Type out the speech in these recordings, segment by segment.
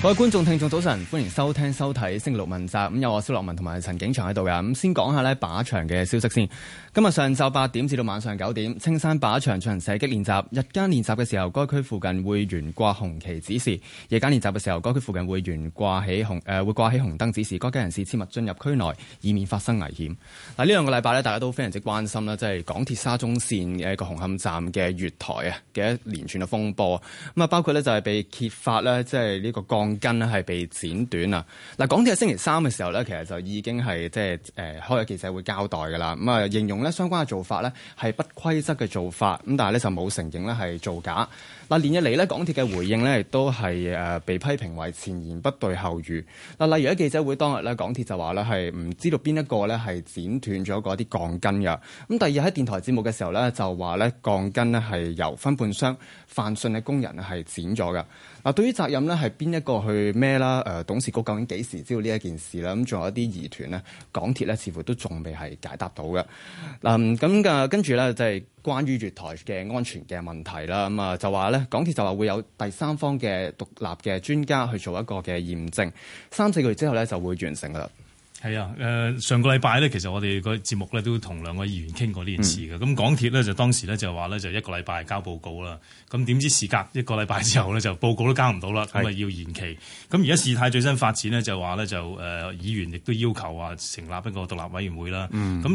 各位觀眾、聽眾，早晨，歡迎收聽、收睇《星期六問集》嗯。咁有我蕭樂文同埋陳景祥喺度嘅。咁先講下呢靶場嘅消息先。今日上晝八點至到晚上九點，青山靶場進行射擊練習。日間練習嘅時候，該區附近會懸掛紅旗指示；，夜間練習嘅時候，該區附近會懸掛起紅誒、呃，會掛起紅燈指示。該區人士切勿進入區內，以免發生危險。嗱，呢兩個禮拜咧，大家都非常之關心啦，即係港鐵沙中線嘅一個紅磡站嘅月台啊嘅一連串嘅風波。咁啊，包括呢就係被揭發呢即係呢個鋼筋咧係被剪短啊！嗱，港鐵喺星期三嘅時候咧，其實就已經係即係誒開咗記者會交代嘅啦。咁啊，形容咧相關嘅做法咧係不規則嘅做法，咁但係咧就冇承認咧係造假。嗱，連日嚟咧，港鐵嘅回應咧亦都係誒被批評為前言不對後語。嗱，例如喺記者會當日咧，港鐵就話咧係唔知道邊一個咧係剪斷咗嗰啲鋼筋嘅。咁第二日喺電台節目嘅時候咧，就話咧鋼筋咧係由分判商，泛信嘅工人係剪咗嘅。嗱，對於責任咧，係邊一個去孭啦？誒，董事局究竟幾時知道呢一件事啦？咁仲有一啲疑團咧，港鐵咧似乎都仲未係解答到嘅。嗱、嗯，咁嘅、嗯、跟住咧，就係、是、關於月台嘅安全嘅問題啦。咁、嗯、啊，就話咧，港鐵就話會有第三方嘅獨立嘅專家去做一個嘅驗證，三四個月之後咧就會完成㗎啦。係啊，誒、呃、上個禮拜咧，其實我哋個節目咧都同兩個議員傾過呢件事嘅。咁、嗯、港鐵咧就當時咧就話咧就一個禮拜交報告啦。咁點知時隔一個禮拜之後咧就報告都交唔到啦，咁啊要延期。咁而家事態最新發展呢，就話咧就誒、呃、議員亦都要求話成立一個獨立委員會啦。咁、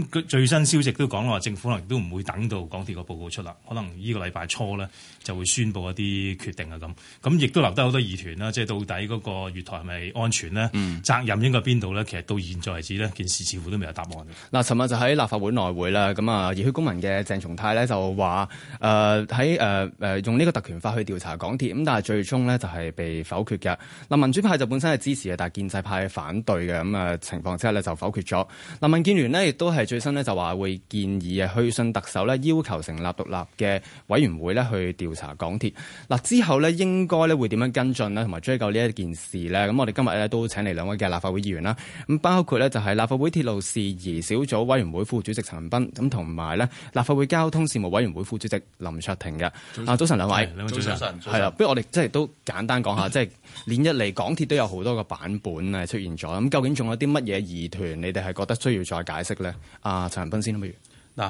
嗯、最新消息都講話政府可能亦都唔會等到港鐵個報告出啦，可能個呢個禮拜初咧就會宣布一啲決定啊咁。咁亦都留低好多疑團啦，即係到底嗰個月台係咪安全咧？責任應該邊度咧？其實都。現在為止呢件事似乎都未有答案。嗱，尋日就喺立法會內會啦，咁啊，熱血公民嘅鄭松泰呢就話：誒喺誒誒用呢個特權法去調查港鐵，咁但係最終呢就係被否決嘅。嗱，民主派就本身係支持嘅，但係建制派反對嘅，咁啊情況之下呢，就否決咗。嗱，民建聯呢亦都係最新呢就話會建議啊，去信特首咧要求成立獨立嘅委員會呢去調查港鐵。嗱，之後呢應該咧會點樣跟進咧，同埋追究呢一件事呢？咁我哋今日呢都請嚟兩位嘅立法會議員啦，咁包包括咧就係立法會鐵路事宜小組委員會副主席陳恒鑌，咁同埋咧立法會交通事務委員會副主席林卓廷嘅。啊上，早晨上兩位，早晨，係啦，不如我哋即係都簡單講下， 即係連日嚟港鐵都有好多個版本啊出現咗，咁究竟仲有啲乜嘢疑團？你哋係覺得需要再解釋咧？啊，陳恒鑌先啦，不如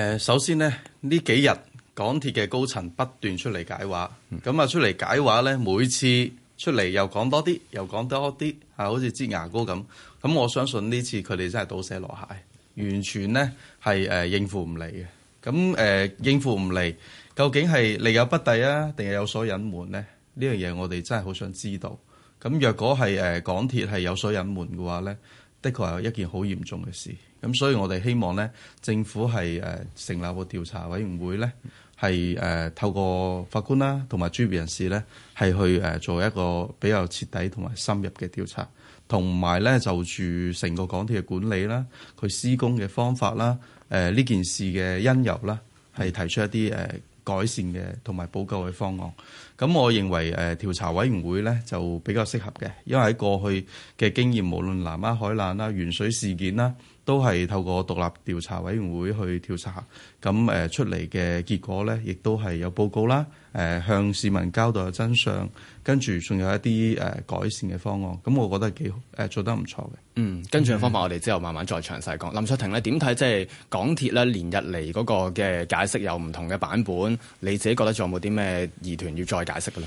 嗱，誒，首先呢，呢幾日港鐵嘅高層不斷出嚟解話，咁啊、嗯、出嚟解話咧，每次。出嚟又講多啲，又講多啲，啊，好似擠牙膏咁。咁我相信呢次佢哋真係倒瀉籮蟹，完全呢係誒應付唔嚟嘅。咁誒、呃、應付唔嚟，究竟係力有不逮啊，定係有所隱瞞呢？呢樣嘢我哋真係好想知道。咁若果係誒港鐵係有所隱瞞嘅話呢，的確係一件好嚴重嘅事。咁所以我哋希望呢政府係誒成立個調查委員會呢。係誒、呃、透過法官啦，同埋專業人士咧，係去誒、呃、做一個比較徹底同埋深入嘅調查，同埋咧就住成個港鐵嘅管理啦、佢施工嘅方法啦、誒、呃、呢件事嘅因由啦，係提出一啲誒、呃、改善嘅同埋補救嘅方案。咁我認為誒、呃、調查委員會咧就比較適合嘅，因為喺過去嘅經驗，無論南丫海難啦、鉛水事件啦，都係透過獨立調查委員會去調查，咁誒、呃、出嚟嘅結果咧，亦都係有報告啦。誒、呃、向市民交代嘅真相，跟住仲有一啲誒、呃、改善嘅方案。咁我覺得幾誒、呃、做得唔錯嘅。嗯，跟住嘅方法我哋之後慢慢再詳細講。嗯、林卓廷咧點睇？即係、就是、港鐵咧連日嚟嗰個嘅解釋有唔同嘅版本，你自己覺得仲有冇啲咩疑團要再解釋嘅咧？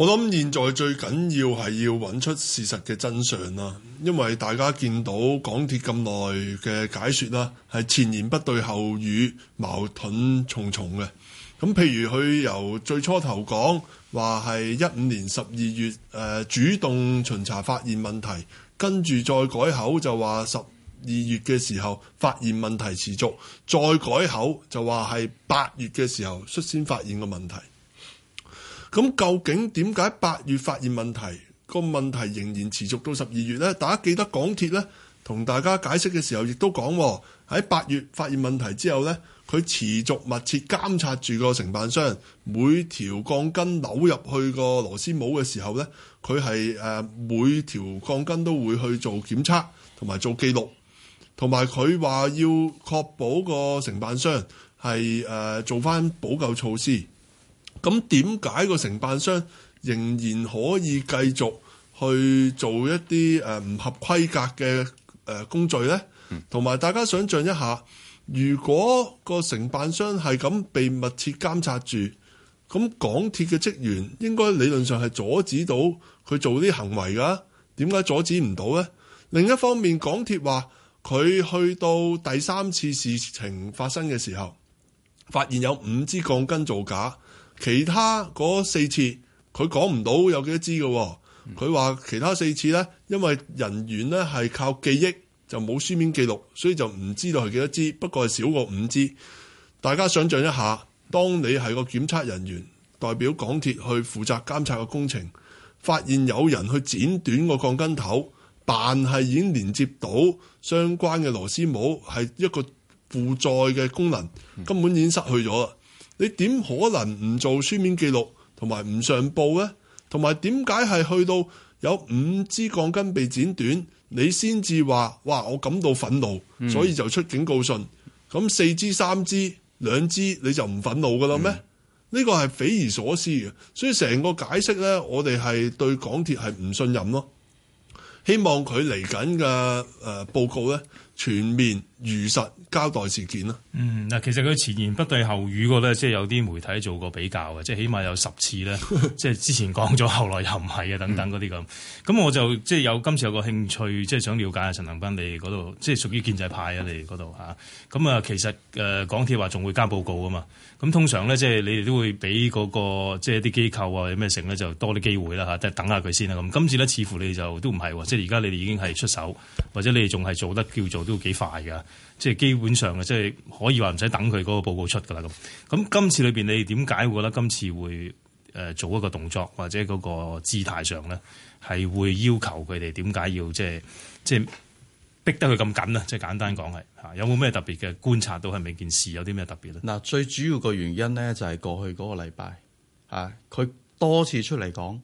我諗現在最緊要係要揾出事實嘅真相啦、啊，因為大家見到港鐵咁耐嘅解說啦、啊，係前言不對後語，矛盾重重嘅。咁譬如佢由最初頭講話係一五年十二月，誒、呃、主動巡查發現問題，跟住再改口就話十二月嘅時候發現問題持續，再改口就話係八月嘅時候率先發現個問題。咁究竟點解八月發現問題，個問題仍然持續到十二月呢？大家記得港鐵呢，同大家解釋嘅時候、哦，亦都講喎，喺八月發現問題之後呢，佢持續密切監察住個承辦商每條鋼筋扭入去個螺絲帽嘅時候呢，佢係誒每條鋼筋都會去做檢測同埋做記錄，同埋佢話要確保個承辦商係誒做翻補救措施。咁點解個承辦商仍然可以繼續去做一啲誒唔合規格嘅誒工序呢？同埋、嗯、大家想像一下，如果個承辦商係咁被密切監察住，咁港鐵嘅職員應該理論上係阻止到佢做呢啲行為㗎？點解阻止唔到呢？另一方面，港鐵話佢去到第三次事情發生嘅時候，發現有五支鋼筋造假。其他嗰四次佢講唔到有幾多支嘅，佢話其他四次咧，因為人員咧係靠記憶，就冇書面記錄，所以就唔知道係幾多支，不過，係少過五支。大家想象一下，當你係個檢測人員代表港鐵去負責監察嘅工程，發現有人去剪短個鋼筋頭，但係已經連接到相關嘅螺絲帽，係一個負載嘅功能，根本已經失去咗。你點可能唔做書面記錄同埋唔上報呢？同埋點解係去到有五支鋼筋被剪短，你先至話哇！我感到憤怒，所以就出警告信。咁四支、三支、兩支你就唔憤怒㗎喇咩？呢個係匪夷所思嘅。所以成個解釋呢，我哋係對港鐵係唔信任咯。希望佢嚟緊嘅誒報告呢，全面。如實交代事件啦。嗯，嗱，其實佢前言不對後語個咧，即係有啲媒體做過比較嘅，即係起碼有十次咧， 即係之前講咗，後來又唔係啊，等等嗰啲咁。咁、嗯、我就即係有今次有個興趣，即係想了解下陳恒鑌你嗰度，即係屬於建制派啊，你嗰度嚇。咁啊，其實誒、呃、港鐵話仲會加報告啊嘛。咁通常咧，即係你哋都會俾嗰、那個即係啲機構啊，有咩成咧，就多啲機會啦嚇、啊，等下佢先啦咁。今次咧，似乎你就都唔係喎，即係而家你哋已經係出手，或者你哋仲係做得叫做都幾快噶。即係基本上啊，即係可以話唔使等佢嗰個報告出噶啦咁。咁今次裏邊你點解會覺得今次會誒做一個動作或者嗰個姿態上咧，係會要求佢哋點解要即係即係逼得佢咁緊啊？即係簡單講係吓，有冇咩特別嘅觀察到係咪件事有啲咩特別咧？嗱，最主要個原因咧就係過去嗰個禮拜吓，佢多次出嚟講，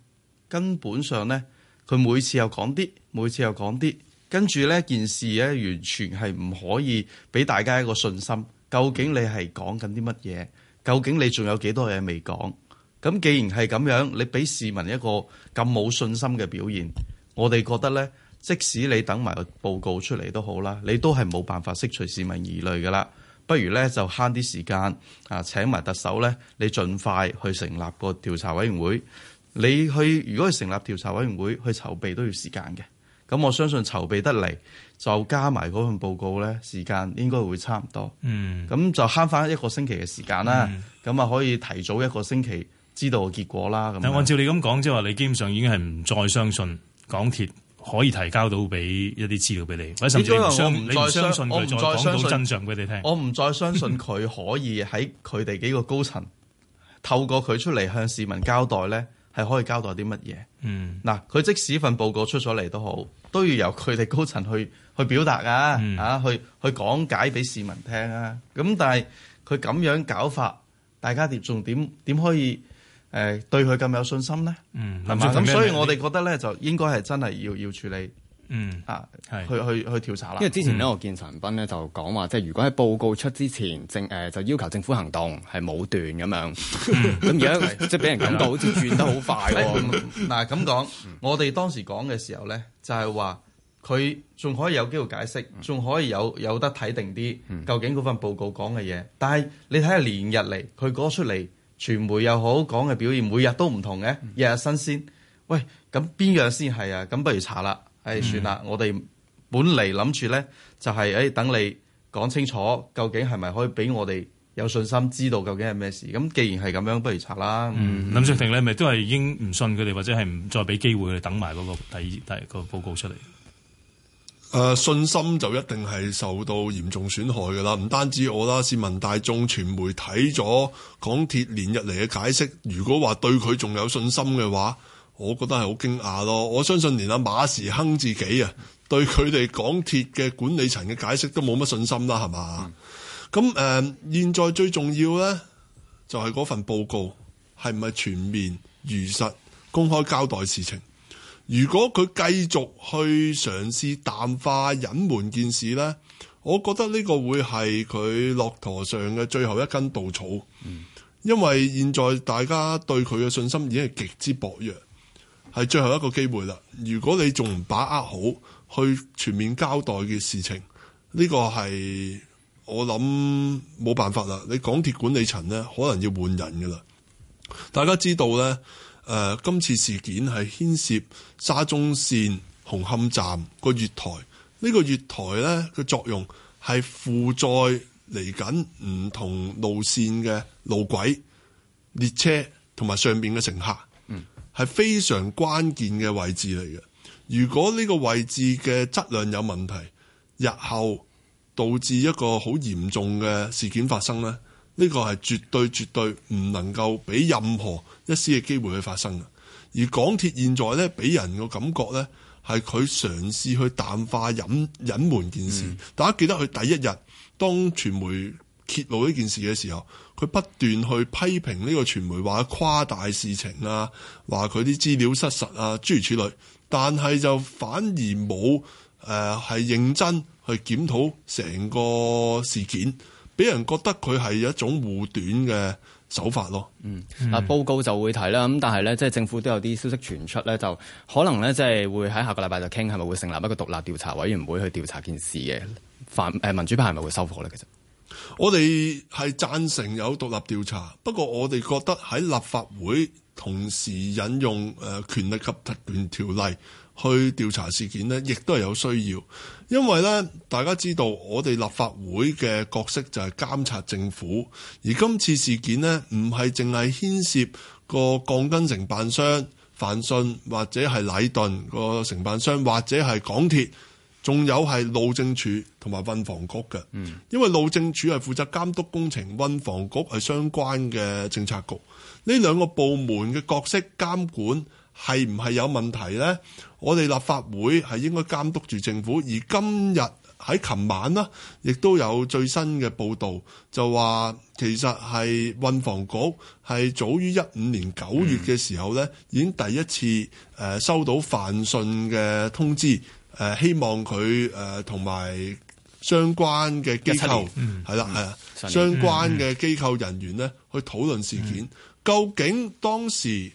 根本上咧佢每次又講啲，每次又講啲。跟住呢件事呢，完全係唔可以俾大家一個信心。究竟你係講緊啲乜嘢？究竟你仲有幾多嘢未講？咁既然係咁樣，你俾市民一個咁冇信心嘅表現，我哋覺得呢，即使你等埋個報告出嚟都好啦，你都係冇辦法釋除市民疑慮噶啦。不如呢，就慳啲時間啊！請埋特首呢，你盡快去成立個調查委員會。你去如果去成立調查委員會，去籌備都要時間嘅。咁我相信籌備得嚟，就加埋嗰份報告咧，時間應該會差唔多。嗯，咁就慳翻一個星期嘅時間啦。咁啊、嗯，可以提早一個星期知道結果啦。咁，但按照你咁講，即係話你基本上已經係唔再相信港鐵可以提交到俾一啲資料俾你，或者甚至我唔再，再，再相信佢講到真相俾你聽。我唔再相信佢可以喺佢哋幾個高層 透過佢出嚟向市民交代咧。係可以交代啲乜嘢？嗯，嗱、啊，佢即使份報告出咗嚟都好，都要由佢哋高層去去表達啊，嗯、啊，去去講解俾市民聽啊。咁但係佢咁樣搞法，大家點仲點點可以誒、呃、對佢咁有信心咧？嗯，係嘛？咁、嗯、所以我哋覺得咧，就應該係真係要要處理。嗯啊，係去是去去調查啦。因為之前咧，我見陳鑌咧就講話，即係如果喺報告出之前政誒、呃，就要求政府行動係武斷咁樣，咁而家、嗯， 在 即係俾人感覺好似轉得好快喎。嗱咁講，我哋當時講嘅時候咧，就係話佢仲可以有機會解釋，仲可以有有得睇定啲究竟嗰份報告講嘅嘢。但係你睇下連日嚟，佢嗰出嚟，傳媒又好講嘅表現，每日都唔同嘅，日日新鮮。喂，咁邊樣先係啊？咁不如查啦。誒、哎、算啦，嗯、我哋本嚟諗住咧，就係、是、誒、哎、等你講清楚，究竟係咪可以俾我哋有信心知道究竟係咩事？咁既然係咁樣，不如拆啦。嗯嗯、林卓廷你咪都係已經唔信佢哋，或者係唔再俾機會佢等埋嗰個第第、那個報告出嚟？誒、呃、信心就一定係受到嚴重損害嘅啦，唔單止我啦，市民大眾、傳媒睇咗港鐵連日嚟嘅解釋，如果話對佢仲有信心嘅話。我覺得係好驚訝咯！我相信連阿馬時亨自己啊，對佢哋港鐵嘅管理層嘅解釋都冇乜信心啦，係嘛？咁誒、嗯呃，現在最重要呢，就係、是、嗰份報告係唔係全面、如實、公開交代事情？如果佢繼續去嘗試淡化、隱瞞件事呢，我覺得呢個會係佢駱駝上嘅最後一根稻草，嗯、因為現在大家對佢嘅信心已經係極之薄弱。係最後一個機會啦！如果你仲唔把握好去全面交代嘅事情，呢、這個係我諗冇辦法啦。你港鐵管理層呢，可能要換人噶啦。大家知道呢，誒、呃，今次事件係牽涉沙中線紅磡站個月台。呢、這個月台呢，嘅作用係負載嚟緊唔同路線嘅路軌列車同埋上邊嘅乘客。係非常關鍵嘅位置嚟嘅，如果呢個位置嘅質量有問題，日後導致一個好嚴重嘅事件發生呢，呢個係絕對絕對唔能夠俾任何一絲嘅機會去發生嘅。而港鐵現在呢，俾人個感覺呢，係佢嘗試去淡化隱隱瞞件事。嗯、大家記得佢第一日當傳媒揭露呢件事嘅時候。佢不斷去批評呢個傳媒話誇大事情啊，話佢啲資料失實啊諸如此類，但係就反而冇誒係認真去檢討成個事件，俾人覺得佢係一種護短嘅手法咯。嗯，啊、嗯、報告就會提啦，咁但係咧即係政府都有啲消息傳出咧，就可能咧即係會喺下個禮拜就傾係咪會成立一個獨立調查委員會去調查件事嘅反誒民主派係咪會收貨咧？其實。我哋係贊成有獨立調查，不過我哋覺得喺立法會同時引用誒、呃、權力及特權條例去調查事件呢，亦都係有需要。因為呢，大家知道我哋立法會嘅角色就係監察政府，而今次事件呢，唔係淨係牽涉個鋼筋承辦商泛迅，或者係禮頓個承辦商，或者係港鐵。仲有係路政署同埋運房局嘅，嗯、因為路政署係負責監督工程，運房局係相關嘅政策局。呢兩個部門嘅角色監管係唔係有問題呢？我哋立法會係應該監督住政府。而今日喺琴晚呢，亦都有最新嘅報導，就話其實係運房局係早於一五年九月嘅時候呢，嗯、已經第一次誒、呃、收到犯信嘅通知。誒希望佢誒同埋相關嘅機構係啦，係啊，嗯、年相關嘅機構人員咧、嗯、去討論事件，嗯、究竟當時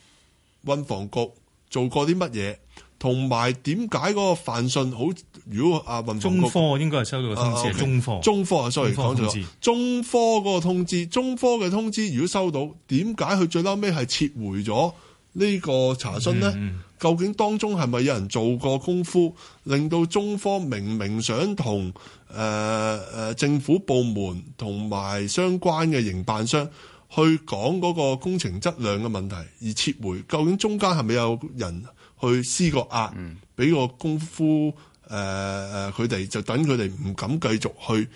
運房局做過啲乜嘢，同埋點解嗰個泛信好？如果啊運房局中科應該係收到個通知，啊、okay，中科中科啊，sorry 科知講錯咗，中科嗰個通知，中科嘅通知，如果收到，點解佢最嬲尾係撤回咗？呢個查詢呢，究竟當中係咪有人做過功夫，令到中方明明想同誒誒政府部門同埋相關嘅營辦商去講嗰個工程質量嘅問題而撤回？究竟中間係咪有人去施個壓，俾個功夫誒誒佢哋，就等佢哋唔敢繼續去誒、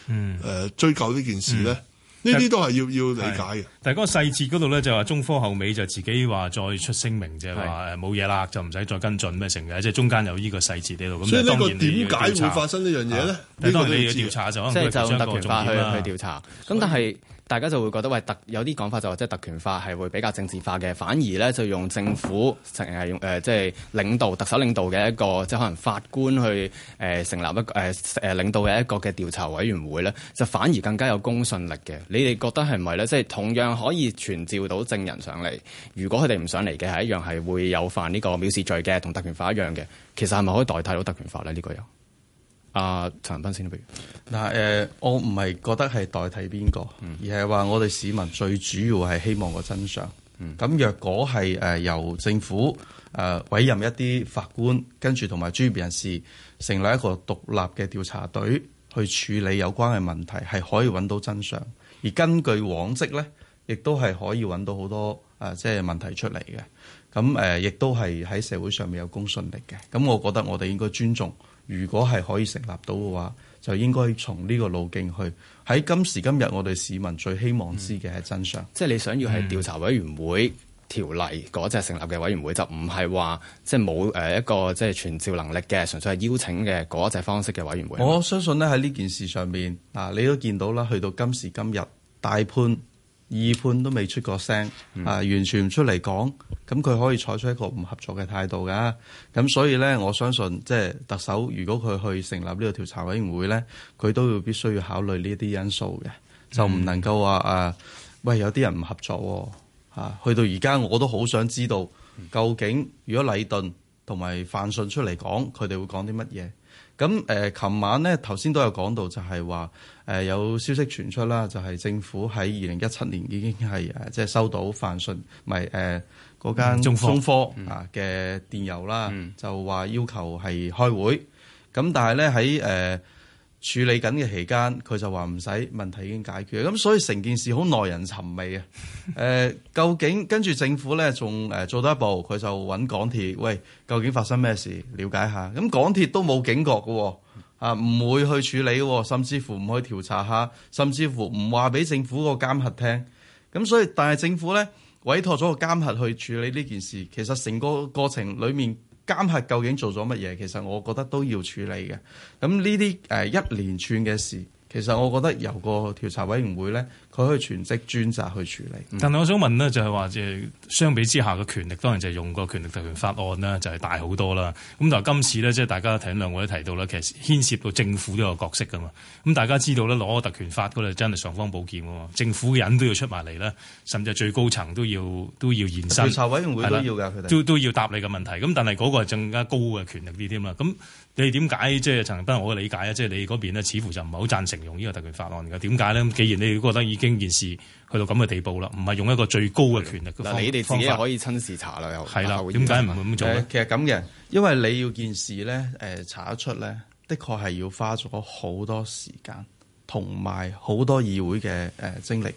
呃、追究呢件事呢？呢啲都係要要理解嘅。但係嗰個細節嗰度咧，就話中科後尾就自己話再出聲明啫，話誒冇嘢啦，就唔使再跟進咩成嘅，即係中間有呢個細節喺度。咁所以呢個點解會發生呢樣嘢咧？呢個你要調查就即係就特權法去去調查。咁的但係。大家就會覺得喂，特有啲講法就話即係特權法係會比較政治化嘅，反而咧就用政府成係用誒即係領導特首領導嘅一個即係可能法官去誒、呃、成立一個誒誒、呃、領導嘅一個嘅調查委員會咧，就反而更加有公信力嘅。你哋覺得係唔係咧？即、就、係、是、同樣可以傳召到證人上嚟，如果佢哋唔上嚟嘅係一樣係會有犯呢個藐視罪嘅，同特權法一樣嘅，其實係咪可以代替到特權法咧呢、呢個有。阿、啊、陳登先啦，比如嗱，誒、呃，我唔係覺得係代替邊個，嗯、而係話我哋市民最主要係希望個真相。咁、嗯、若果係誒由政府誒、呃、委任一啲法官，跟住同埋專業人士成立一個獨立嘅調查隊去處理有關嘅問題，係可以揾到真相。而根據往績咧，亦都係可以揾到好多誒、呃，即係問題出嚟嘅。咁、呃、誒，亦都係喺社會上面有公信力嘅。咁我覺得我哋應該尊重。如果係可以成立到嘅話，就應該從呢個路徑去。喺今時今日，我哋市民最希望知嘅係真相，嗯、即係你想要係調查委員會條例嗰隻成立嘅委員會，就唔係話即係冇誒一個即係傳召能力嘅，純粹係邀請嘅嗰隻方式嘅委員會。我相信呢喺呢件事上面啊，你都見到啦，去到今時今日大判。二判都未出過聲啊，完全唔出嚟講，咁佢可以採取一個唔合作嘅態度嘅。咁所以咧，我相信即係特首，如果佢去成立呢個調查委員會咧，佢都要必須要考慮呢啲因素嘅，就唔能夠話誒喂有啲人唔合作喎，哦、去、啊、到而家我都好想知道究竟如果禮頓同埋泛迅出嚟講，佢哋會講啲乜嘢？咁誒，琴、呃、晚咧頭先都有講到就，就係話誒有消息傳出啦，就係、是、政府喺二零一七年已經係誒即係收到泛信，咪誒嗰間中科啊嘅電郵啦，嗯嗯、就話要求係開會，咁但係咧喺誒。處理緊嘅期間，佢就話唔使問題已經解決，咁所以成件事好耐人尋味啊！誒， 究竟跟住政府呢，仲誒做得一步，佢就揾港鐵，喂，究竟發生咩事？了解下，咁港鐵都冇警覺嘅喎，啊，唔會去處理，甚至乎唔去調查下，甚至乎唔話俾政府個監核聽。咁所以，但係政府呢，委託咗個監核去處理呢件事，其實成個過程裡面。監察究竟做咗乜嘢？其實我覺得都要處理嘅。咁呢啲誒一連串嘅事，其實我覺得由個調查委員會咧。佢可以全職專責去處理，嗯、但係我想問呢，就係話誒，相比之下嘅權力當然就係用個權力特權法案啦，就係、是、大好多啦。咁就今次呢，即、就、係、是、大家睇兩位都提到啦，其實牽涉到政府呢個角色噶嘛。咁大家知道咧，攞個特權法嗰度真係尚方寶劍嘛，政府嘅人都要出埋嚟啦，甚至最高層都要都要現身。調查委員會都要㗎，佢哋吧們都都要答你嘅問題。咁但係嗰個係更加高嘅權力啲添啦。咁。你點解即係陳生？我嘅理解啊，即係你嗰邊咧，似乎就唔係好贊成用呢個特權法案嘅。點解咧？既然你覺得已經件事去到咁嘅地步啦，唔係用一個最高嘅權力嘅方法，你哋自己可以親自查嚟又係啦。點解唔會咁做咧、呃？其實咁嘅，因為你要件事咧，誒、呃、查得出咧，的確係要花咗好多時間，同埋好多議會嘅誒、呃、精力。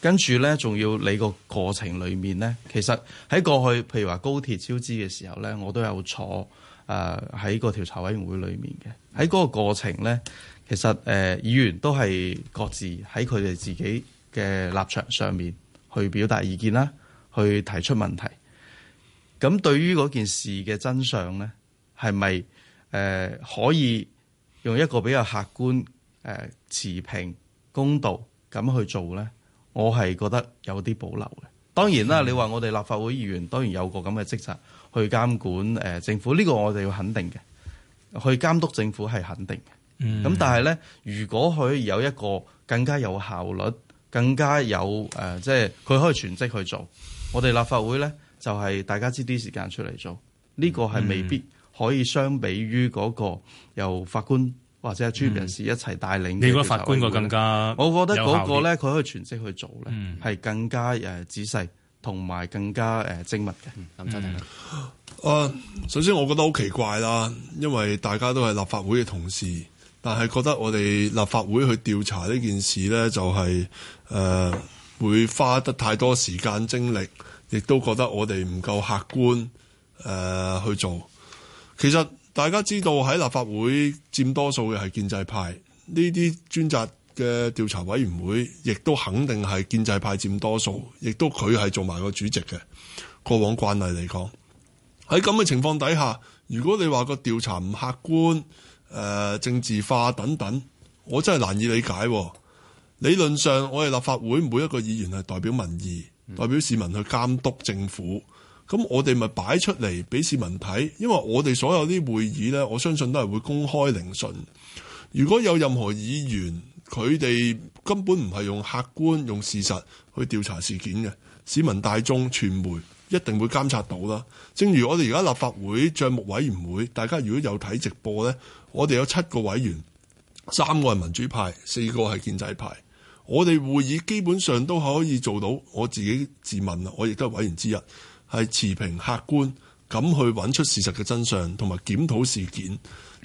跟住咧，仲要你個過,過程裡面咧，其實喺過去譬如話高鐵超支嘅時候咧，我都有坐。誒喺、啊、個調查委員會裏面嘅喺嗰個過程咧，其實誒、呃、議員都係各自喺佢哋自己嘅立場上面去表達意見啦，去提出問題。咁對於嗰件事嘅真相咧，係咪誒可以用一個比較客觀、誒、呃、持平公道咁去做咧？我係覺得有啲保留嘅。當然啦，你話我哋立法會議員當然有個咁嘅職責。去監管誒政府呢、呢個我哋要肯定嘅，去監督政府係肯定嘅。咁、嗯、但係咧，如果佢有一個更加有效率、更加有誒，即係佢可以全職去做，我哋立法會咧就係、是、大家知啲時間出嚟做，呢、嗯、個係未必可以相比於嗰個由法官或者專業人士一齊帶領會會、嗯。你覺得法官個更加？我覺得嗰個咧，佢可以全職去做咧，係、嗯、更加誒仔細。同埋更加誒精密嘅，林生睇下。誒，首先我覺得好奇怪啦，因為大家都係立法會嘅同事，但係覺得我哋立法會去調查呢件事呢、就係，就係誒會花得太多時間精力，亦都覺得我哋唔夠客觀誒、呃、去做。其實大家知道喺立法會佔多數嘅係建制派，呢啲專責嘅調查委員會，亦都肯定係建制派佔多數，亦都佢係做埋個主席嘅。過往慣例嚟講，喺咁嘅情況底下，如果你話個調查唔客觀，誒、呃、政治化等等，我真係難以理解啊。理論上，我哋立法會每一個議員係代表民意，代表市民去監督政府。咁我哋咪擺出嚟俾市民睇，因為我哋所有啲會議呢，我相信都係會公開聆訊。如果有任何議員，佢哋根本唔係用客觀用事實去調查事件嘅，市民大眾傳媒一定會監察到啦。正如我哋而家立法會賬目委員會，大家如果有睇直播咧，我哋有七個委員，三個係民主派，四個係建制派。我哋會議基本上都可以做到。我自己自問啦，我亦都係委員之一，係持平、客觀咁去揾出事實嘅真相同埋檢討事件。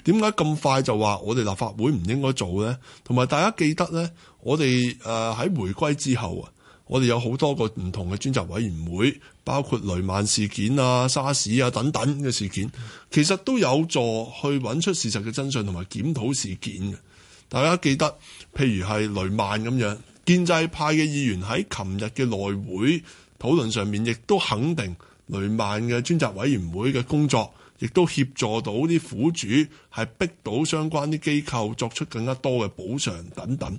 點解咁快就話我哋立法會唔應該做呢？同埋大家記得呢，我哋誒喺回歸之後啊，我哋有好多個唔同嘅專責委員會，包括雷曼事件啊、沙士啊等等嘅事件，其實都有助去揾出事實嘅真相同埋檢討事件嘅。大家記得，譬如係雷曼咁樣，建制派嘅議員喺琴日嘅內會討論上面，亦都肯定雷曼嘅專責委員會嘅工作。亦都協助到啲苦主，係逼到相關啲機構作出更加多嘅補償等等，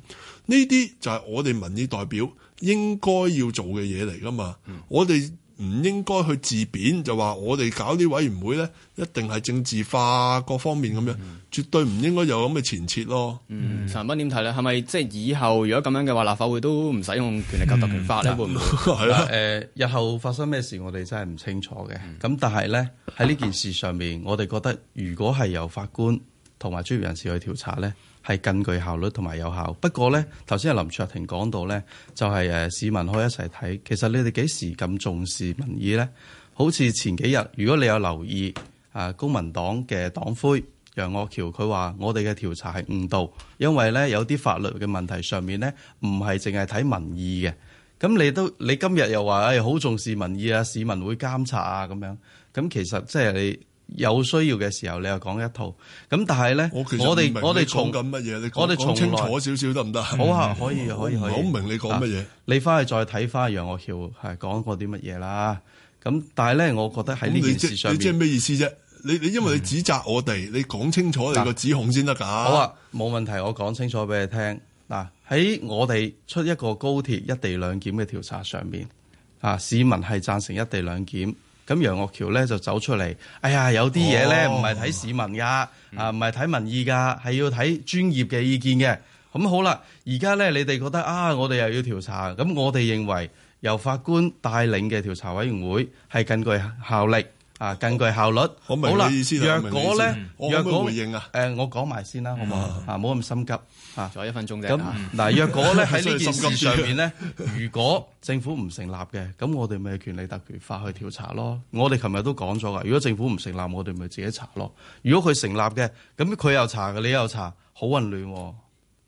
呢啲就係我哋民意代表應該要做嘅嘢嚟㗎嘛。嗯、我哋。唔應該去自貶，就話我哋搞啲委員會咧，一定係政治化各方面咁樣，嗯、絕對唔應該有咁嘅前設咯。陳恒鑌點睇咧？係咪即係以後如果咁樣嘅話，立法會都唔使用，用權力及特權法咧？嗯、會唔會？嗱誒、 呃，日後發生咩事，我哋真係唔清楚嘅。咁、嗯、但係咧，喺呢件事上面， 我哋覺得如果係由法官同埋專業人士去調查咧。係更具效率同埋有效。不過呢，頭先阿林卓廷講到呢，就係誒市民可以一齊睇。其實你哋幾時咁重視民意呢？好似前幾日，如果你有留意啊，公民黨嘅黨魁楊岳橋，佢話我哋嘅調查係誤導，因為呢，有啲法律嘅問題上面呢，唔係淨係睇民意嘅。咁你都你今日又話誒好重視民意啊，市民會監察啊咁樣。咁其實即係你。有需要嘅時候你又講一套，咁但係咧，我哋我哋從緊乜嘢？你講清楚少少得唔得？好，話可以可以可以。我唔好明你講乜嘢。你翻去再睇翻楊岳橋係講過啲乜嘢啦。咁但係咧，我覺得喺呢件事上你即係咩意思啫？你你因為你指責我哋，你講清楚你個指控先得噶。好啊，冇問題，我講清楚俾你聽。嗱，喺我哋出一個高鐵一地兩檢嘅調查上面，啊，市民係贊成一地兩檢。咁楊岳橋咧就走出嚟，哎呀，有啲嘢咧唔係睇市民噶，哦、啊唔係睇民意噶，係要睇專業嘅意見嘅。咁好啦，而家咧你哋覺得啊，我哋又要調查，咁我哋認為由法官帶領嘅調查委員會係更具效力。啊，根據效率明意思好了明啦。若果咧，若果，誒、嗯呃，我講埋先啦，好唔好、嗯啊？啊，冇咁心急，嚇，仲有一分鐘嘅。咁嗱、啊，若果咧喺呢件事上面咧， 如果政府唔成立嘅，咁我哋咪權利特權法去調查咯。我哋琴日都講咗噶，如果政府唔成立，我哋咪自己查咯。如果佢成立嘅，咁佢又查嘅，你又查，好混亂、啊。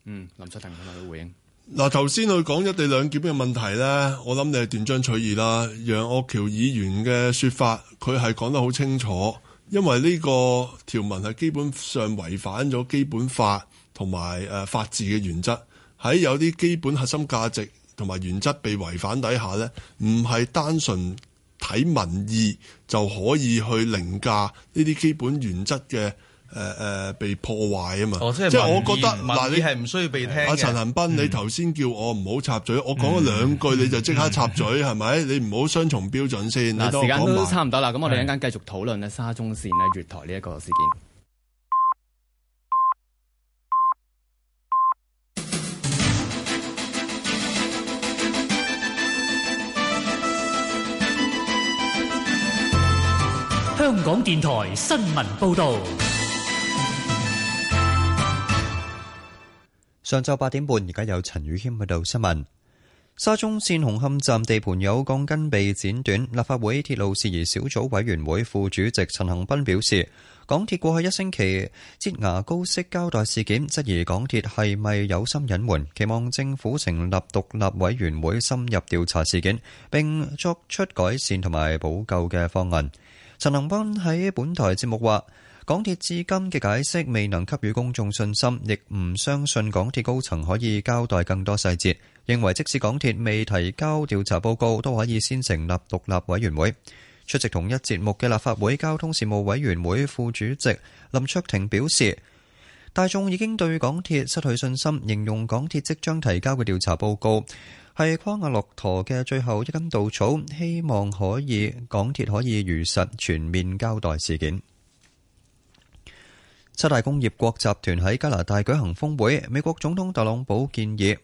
嗯，林卓廷可能會回應。嗱，頭先去講一地兩檢嘅問題呢，我諗你係斷章取義啦。楊岳橋議員嘅説法，佢係講得好清楚，因為呢個條文係基本上違反咗基本法同埋誒法治嘅原則。喺有啲基本核心價值同埋原則被違反底下呢，唔係單純睇民意就可以去凌駕呢啲基本原則嘅。誒誒、呃，被破壞啊嘛！哦、即係 我覺得嗱，你係唔需要被聽阿、啊、陳恆鑌，嗯、你頭先叫我唔好插嘴，嗯、我講咗兩句你就即刻插嘴，係咪、嗯？你唔好雙重標準先。嗱、嗯，時間都差唔多啦，咁我哋一陣間繼續討論咧沙中線咧月台呢一個事件。嗯、香港電台新聞報導。上晝八點半，而家有陳宇謙去報新聞。沙中線紅磡站地盤有鋼筋被剪短，立法會鐵路事宜小組委員會副主席陳恆鑌表示，港鐵過去一星期擠牙膏式交代事件，質疑港鐵係咪有心隱瞞，期望政府成立獨立委員會深入調查事件，並作出改善同埋補救嘅方案。陳恆鑌喺本台節目話：港鐵至今嘅解釋未能給予公眾信心，亦唔相信港鐵高層可以交代更多細節。認為即使港鐵未提交調查報告，都可以先成立獨立委員會。出席同一節目嘅立法會交通事務委員會副主席林卓廷表示，大眾已經對港鐵失去信心，形容港鐵即將提交嘅調查報告係壓垮駱駝嘅最後一根稻草，希望可以港鐵可以如實全面交代事件。七大工業國集團喺加拿大舉行峰會，美國總統特朗普建議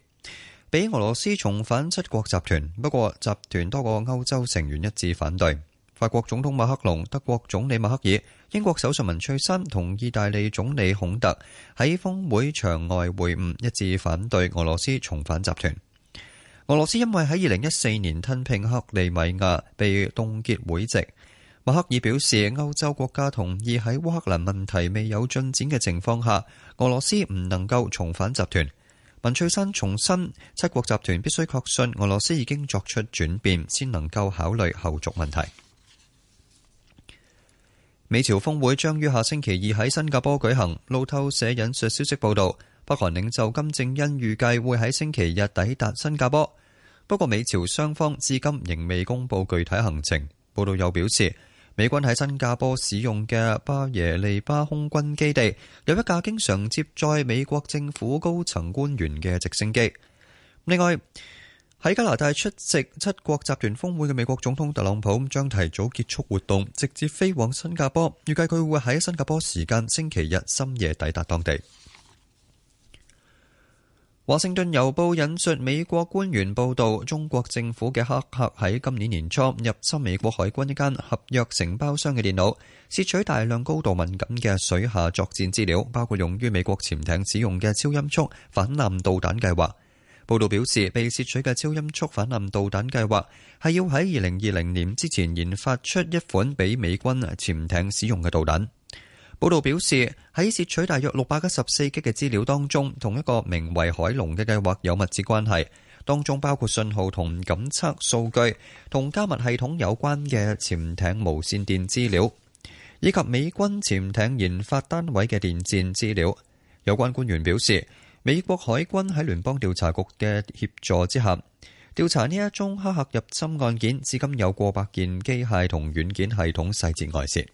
俾俄羅斯重返七國集團，不過集團多個歐洲成員一致反對。法國總統馬克龍、德國總理默克爾、英國首相文翠珊、同意大利總理孔特喺峰會場外會晤，一致反對俄羅斯重返集團。俄羅斯因為喺二零一四年吞併克里米亞，被凍結會籍。默克爾表示，歐洲國家同意喺烏克蘭問題未有進展嘅情況下，俄羅斯唔能夠重返集團。文翠山重申，七國集團必須確信俄羅斯已經作出轉變，先能夠考慮後續問題。美朝峰會將於下星期二喺新加坡舉行。路透社引述消息報道，北韓領袖金正恩預計會喺星期日抵達新加坡，不過美朝雙方至今仍未公布具體行程。報道又表示，美軍喺新加坡使用嘅巴耶利巴空軍基地有一架經常接載美國政府高層官員嘅直升機。另外，喺加拿大出席七國集團峰會嘅美國總統特朗普將提早結束活動，直接飛往新加坡，預計佢會喺新加坡時間星期日深夜抵達當地。華盛頓郵報引述美國官員報道，中國政府嘅黑客喺今年年初入侵美國海軍一間合約承包商嘅電腦，竊取大量高度敏感嘅水下作戰資料，包括用於美國潛艇使用嘅超音速反艦導彈計劃。報道表示，被竊取嘅超音速反艦導彈計劃係要喺二零二零年之前研發出一款俾美軍潛艇使用嘅導彈。報道表示，喺竊取大約六百一十四 G 嘅資料當中，同一個名為海龍嘅計劃有密切關係。當中包括信號同感測數據、同加密系統有關嘅潛艇無線電資料，以及美軍潛艇研發單位嘅電戰資料。有關官員表示，美國海軍喺聯邦調查局嘅協助之下，調查呢一宗黑客入侵案件，至今有過百件機械同軟件系統細節外泄。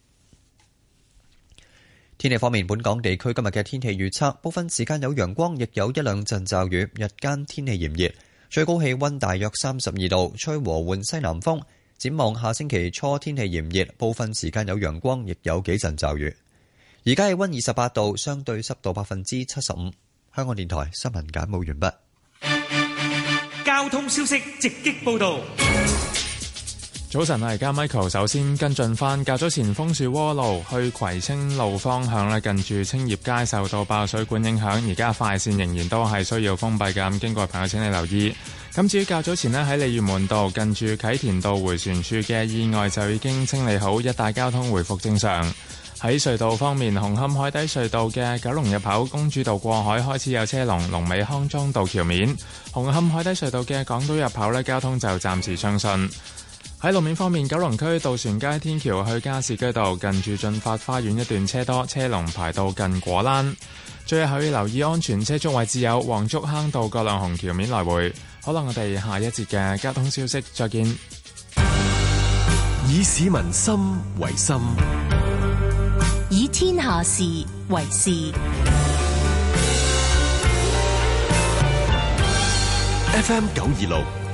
天氣方面，本港地區今日嘅天氣預測，部分時間有陽光，亦有一兩陣驟雨，日間天氣炎熱，最高氣溫大約三十二度，吹和緩西南風。展望下星期初天氣炎熱，部分時間有陽光，亦有幾陣驟雨。而家氣溫二十八度，相對濕度百分之七十五。香港電台新聞簡報完畢。交通消息直擊報道。早晨啊，而家 Michael 首先跟進翻。較早前楓樹窩路去葵青路方向咧，近住青葉街受到爆水管影響，而家快線仍然都係需要封閉嘅。經過朋友，請你留意。咁至於較早前咧喺鯉魚門道近住啟田道回旋處嘅意外，就已經清理好，一帶交通回復正常。喺隧道方面，紅磡海底隧道嘅九龍入口公主道過海開始有車龍，龍尾康莊道橋面。紅磡海底隧道嘅港島入口咧，交通就暫時暢順。喺路面方面，九龍區渡船街天橋去加士居道近住駿發花園一段車多，車龍排到近果欄。最後要留意安全車速位置有黃竹坑道各兩紅橋面來回。好啦，我哋下一節嘅交通消息再見。以市民心為心，以天下事為事。F M 九二六。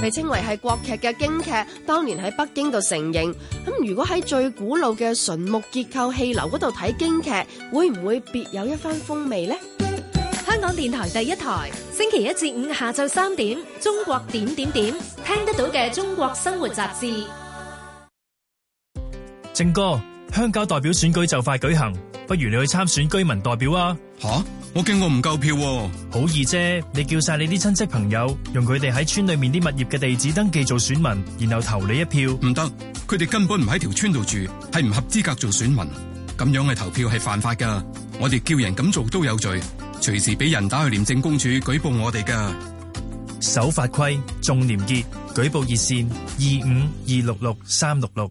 被稱為係國劇嘅京劇，當年喺北京度成形。咁如果喺最古老嘅純木結構戲樓嗰度睇京劇，會唔會別有一番風味呢？香港電台第一台，星期一至五下晝三點，中國點點點，聽得到嘅中國生活雜誌。正哥，鄉郊代表選舉就快舉行，不如你去參選居民代表啊？吓！我驚我唔夠票啊，好易啫啊！你叫晒你啲親戚朋友，用佢哋喺村裏面啲物業嘅地址登記做選民，然後投你一票。唔得，佢哋根本唔喺條村度住，係唔合資格做選民。咁樣嘅投票係犯法噶，我哋叫人咁做都有罪，隨時俾人打去廉政公署舉報我哋噶。守法規，重廉潔，舉報熱線：二五二六六三六六。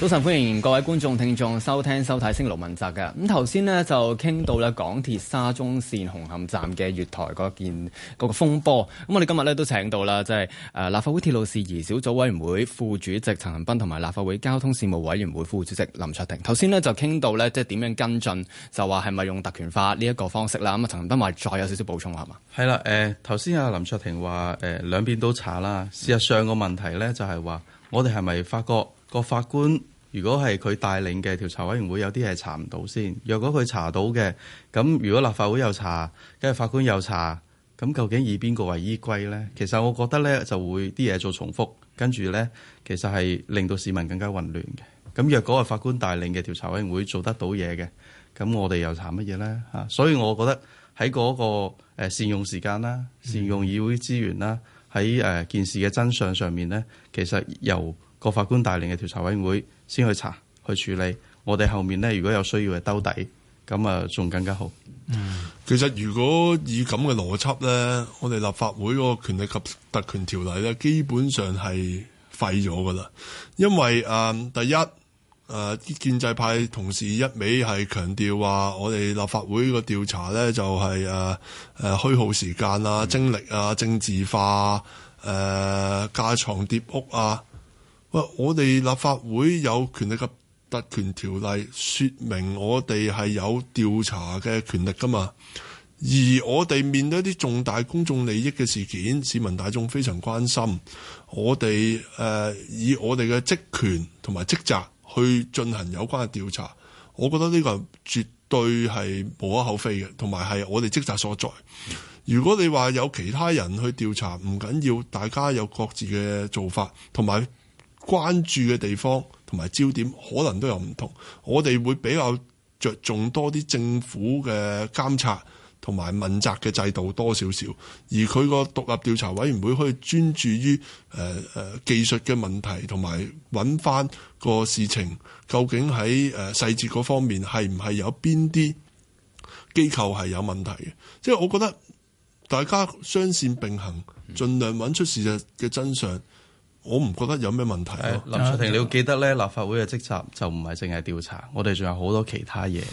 早晨，歡迎各位觀眾、聽眾收聽，收聽、收睇《星路問責》嘅咁。頭先呢，就傾到咧港鐵沙中線紅磡站嘅月台嗰件嗰、那個風波。咁我哋今日咧都請到啦，即係誒立法會鐵路事宜小組委員會副主席陳恒斌，同埋立法會交通事務委員會副主席林卓廷。頭先呢，就傾到咧，即係點樣跟進，就話係咪用特權化呢一個方式啦？咁啊，陳恒斌話再有少少補充，係嘛？係啦，誒、呃，頭先阿林卓庭話誒，兩、呃、邊都查啦。事實上個問題咧就係話，嗯、我哋係咪發覺？個法官如果係佢帶領嘅調查委員會，有啲嘢查唔到先。若果佢查到嘅，咁如果立法會又查，跟住法官又查，咁究竟以邊個為依歸咧？其實我覺得咧就會啲嘢做重複，跟住咧其實係令到市民更加混亂嘅。咁若果係法官帶領嘅調查委員會做得到嘢嘅，咁我哋又查乜嘢咧？嚇，所以我覺得喺嗰個誒善用時間啦，嗯、善用議會資源啦，喺誒件事嘅真相上面咧，其實由個法官帶領嘅調查委員會先去查去處理，我哋後面咧，如果有需要嘅兜底，咁啊仲更加好。嗯、其實如果以咁嘅邏輯咧，我哋立法會個權力及特權條例咧，基本上係廢咗噶啦。因為誒、呃、第一誒、呃、建制派同時一味係強調話，我哋立法會個調查咧就係誒誒虛耗時間啊、精力啊、政治化誒架、呃、床疊屋啊。喂，我哋立法會有權力及特權條例，説明我哋係有調查嘅權力噶嘛？而我哋面對一啲重大公眾利益嘅事件，市民大眾非常關心我，我哋誒以我哋嘅職權同埋職責去進行有關嘅調查，我覺得呢個絕對係無可厚非嘅，同埋係我哋職責所在。如果你話有其他人去調查唔緊要，大家有各自嘅做法，同埋，關注嘅地方同埋焦點可能都有唔同，我哋會比較着重多啲政府嘅監察同埋問責嘅制度多少少，而佢個獨立調查委員會,會可以專注於誒誒、呃呃、技術嘅問題，同埋揾翻個事情究竟喺誒、呃、細節嗰方面係唔係有邊啲機構係有問題嘅？即係我覺得大家雙線並行，盡量揾出事實嘅真相。我唔覺得有咩問題，啊。林卓廷，你要記得咧，立法會嘅職責就唔係淨係調查，我哋仲有好多其他嘢嘅。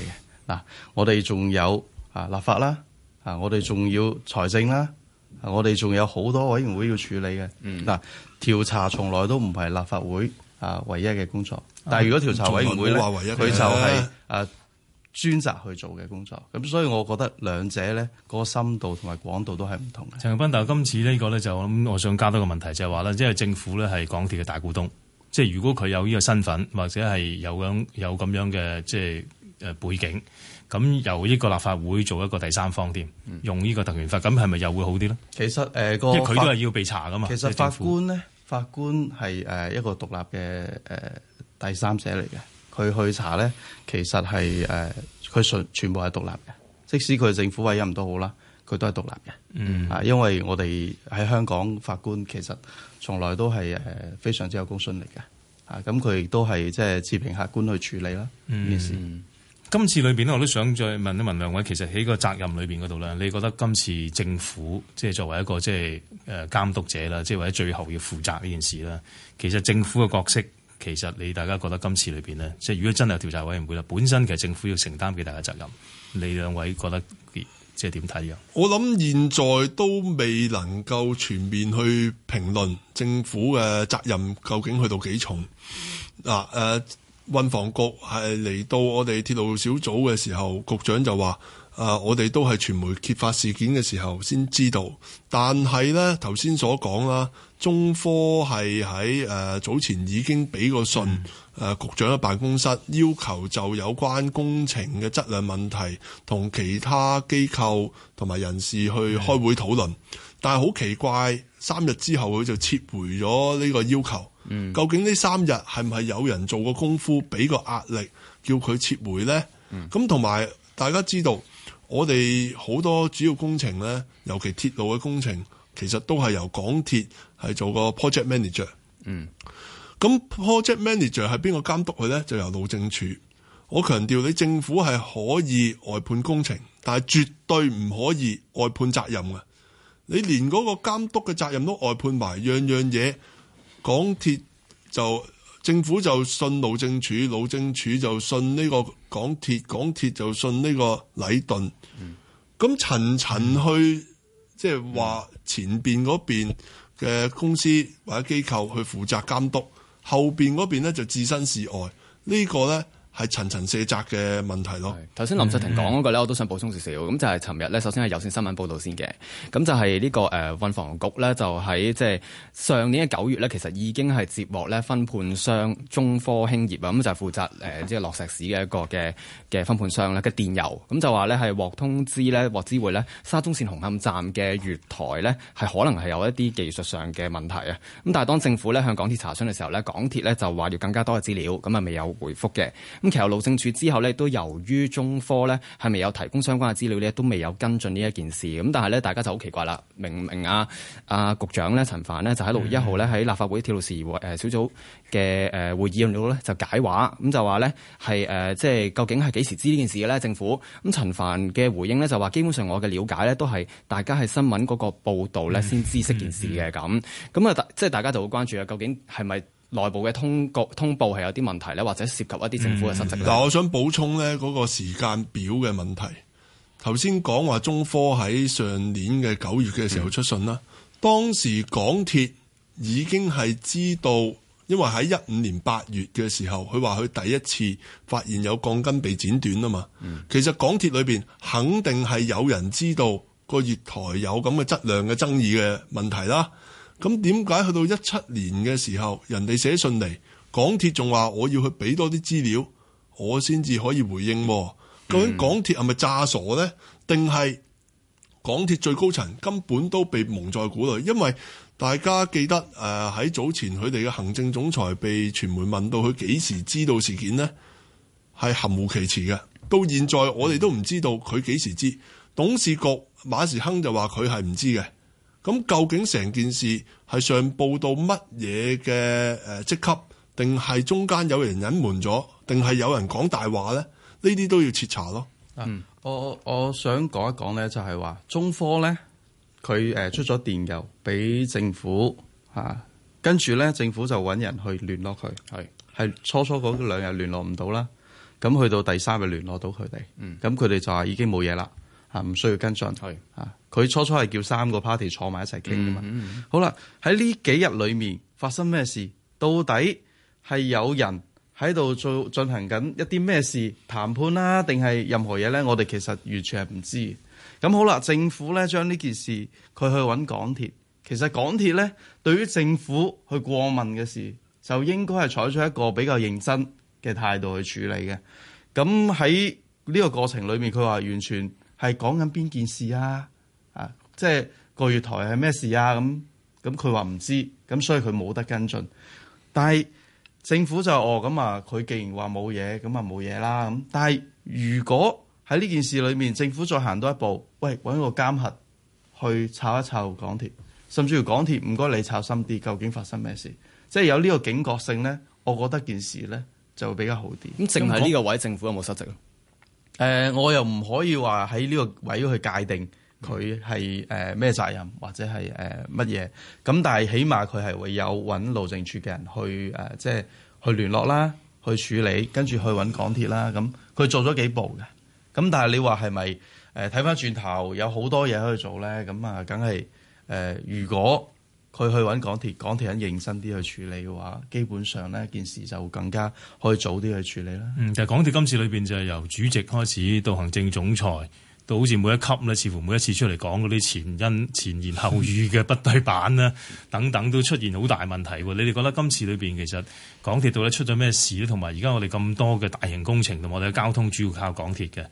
嗱，我哋仲有啊立法啦，啊我哋仲要財政啦，我哋仲有好多委員會要處理嘅。嗱、嗯，調查從來都唔係立法會啊唯一嘅工作。但係如果調查委員會咧，佢就係、是、誒。啊專責去做嘅工作，咁所以我覺得兩者咧，那個深度同埋廣度都係唔同嘅。陳恒鑌，但今次個呢個咧就我我想加多個問題，就係話咧，即係政府咧係港鐵嘅大股東，即係如果佢有呢個身份，或者係有咁有咁樣嘅即係誒背景，咁由呢個立法會做一個第三方添，嗯、用呢個特權法，咁係咪又會好啲呢？其實誒、呃那個，即係佢都係要被查㗎嘛。其實法官咧，府法官係誒一個獨立嘅誒、呃呃、第三者嚟嘅。佢去查咧，其實係誒，佢、呃、全全部係獨立嘅，即使佢政府委任好都好啦，佢都係獨立嘅。嗯，啊，因為我哋喺香港法官其實從來都係誒、呃、非常之有公信力嘅。啊，咁佢亦都係即係持平客觀去處理啦。呢、嗯、件事今次裏邊咧，我都想再問一問兩位，其實喺個責任裏邊嗰度咧，你覺得今次政府即係作為一個即係誒監督者啦，即係或者最後要負責呢件事啦，其實政府嘅角色？其實你大家覺得今次裏邊呢，即係如果真係有調查委員會啦，本身其實政府要承擔幾大嘅責任，你兩位覺得即係點睇啊？我諗現在都未能夠全面去評論政府嘅責任究竟去到幾重嗱。誒、啊啊、運防局係嚟到我哋鐵路小組嘅時候，局長就話：誒、啊、我哋都係傳媒揭發事件嘅時候先知道，但係咧頭先所講啦。中科係喺誒早前已經俾個信誒、嗯呃、局長嘅辦公室，要求就有關工程嘅質量問題同其他機構同埋人士去開會討論，嗯、但係好奇怪，三日之後佢就撤回咗呢個要求。嗯、究竟呢三日係唔係有人做過功夫，俾個壓力叫佢撤回咧？咁同埋大家知道，我哋好多主要工程咧，尤其鐵路嘅工程。其實都係由港鐵係做個 project manager。嗯，咁 project manager 係邊個監督佢咧？就由路政署。我強調你，你政府係可以外判工程，但係絕對唔可以外判責任嘅。你連嗰個監督嘅責任都外判埋，樣樣嘢港鐵就政府就信路政署，路政署就信呢個港鐵，港鐵就信呢個禮頓。嗯，咁層層去即係話，就是前邊嗰邊嘅公司或者機構去負責監督，後邊嗰邊咧就置身事外，這個、呢個咧。係層層卸責嘅問題咯。頭先林卓廷講嗰、那個咧，我都想補充少少。咁、嗯、就係尋日咧，首先係有線新聞報導先嘅。咁就係、這個呃、呢個誒運房局咧，就喺即係上年嘅九月咧，其實已經係接獲咧分判商中科興業啊，咁就係負責誒即係落石屎嘅一個嘅嘅分判商咧。嘅電郵咁就話咧係獲通知咧獲知會咧沙中線紅磡站嘅月台咧係可能係有一啲技術上嘅問題啊。咁但係當政府咧向港鐵查詢嘅時候咧，港鐵咧就話要更加多嘅資料，咁啊未有回覆嘅。咁其實路政署之後咧，都由於中科咧係未有提供相關嘅資料咧，都未有跟進呢一件事。咁但係咧，大家就好奇怪啦，明明啊？啊，局長咧，陳帆呢，就喺六月一號咧喺立法會鐵路事宜小組嘅誒、呃呃、會議度咧就解話，咁、嗯、就話咧係誒即係究竟係幾時知呢件事嘅咧？政府咁、嗯、陳帆嘅回應咧就話，基本上我嘅了解咧都係大家係新聞嗰個報導咧先知悉件事嘅咁。咁啊、嗯，即、嗯、係、嗯嗯嗯、大家就好關注啊，究竟係咪？內部嘅通告通報係有啲問題咧，或者涉及一啲政府嘅失職。嗱、嗯，我想補充咧嗰、嗰個時間表嘅問題。頭先講話中科喺上年嘅九月嘅時候出信啦，嗯、當時港鐵已經係知道，因為喺一五年八月嘅時候，佢話佢第一次發現有鋼筋被剪短啊嘛。嗯、其實港鐵裏邊肯定係有人知道，個月台有咁嘅質量嘅爭議嘅問題啦。咁點解去到一七年嘅時候，人哋寫信嚟，港鐵仲話我要去俾多啲資料，我先至可以回應。究竟港鐵係咪詐傻呢？定係港鐵最高層根本都被蒙在鼓裏？因為大家記得誒喺、呃、早前佢哋嘅行政總裁被傳媒問到佢幾時知道事件呢？係含糊其辭嘅。到現在我哋都唔知道佢幾時知。董事局馬時亨就話佢係唔知嘅。咁究竟成件事係上報到乜嘢嘅誒職級，定係中間有人隱瞞咗，定係有人講大話咧？呢啲都要徹查咯。嗯，我我想講一講咧，就係話中科咧，佢誒出咗電郵俾政府嚇，跟住咧政府就揾人去聯絡佢，係係是初初嗰兩日聯絡唔到啦，咁去到第三日聯絡到佢哋，嗯，咁佢哋就話已經冇嘢啦。啊！唔需要跟進，去係，啊。佢初初係叫三個 party 坐埋一齊傾㗎嘛。嗯嗯嗯好啦，喺呢幾日裏面發生咩事？到底係有人喺度做進行緊一啲咩事談判啦、啊，定係任何嘢呢？我哋其實完全係唔知。咁好啦，政府呢將呢件事佢去揾港鐵，其實港鐵呢，對於政府去過問嘅事，就應該係採取一個比較認真嘅態度去處理嘅。咁喺呢個過程裏面，佢話完全。係講緊邊件事啊？啊，即係個月台係咩事啊？咁咁佢話唔知，咁所以佢冇得跟進。但係政府就哦咁啊，佢既然話冇嘢，咁啊冇嘢啦咁。但係如果喺呢件事裏面，政府再行多一步，喂，搵個監核去查一查港鐵，甚至乎港鐵唔該你查深啲，究竟發生咩事？即係有呢個警覺性咧，我覺得件事咧就會比較好啲。咁淨係呢個位，嗯、政府有冇失職啊？誒、呃，我又唔可以話喺呢個位去界定佢係誒咩責任或者係誒乜嘢，咁、呃、但係起碼佢係會有揾路政署嘅人去誒，即、呃、係、就是、去聯絡啦，去處理，跟住去揾港鐵啦，咁、嗯、佢做咗幾步嘅，咁但係你話係咪誒睇翻轉頭有好多嘢可以做咧？咁、嗯、啊，梗係誒，如果。佢去揾港鐵，港鐵人認真啲去處理嘅話，基本上呢件事就更加可以早啲去處理啦。嗯，其實港鐵今次裏邊就係由主席開始到行政總裁，到好似每一級咧，似乎每一次出嚟講嗰啲前因前言後語嘅不對版咧，等等都出現好大問題。 你哋覺得今次裏邊其實港鐵到底出咗咩事咧？同埋而家我哋咁多嘅大型工程同我哋嘅交通主要靠港鐵嘅。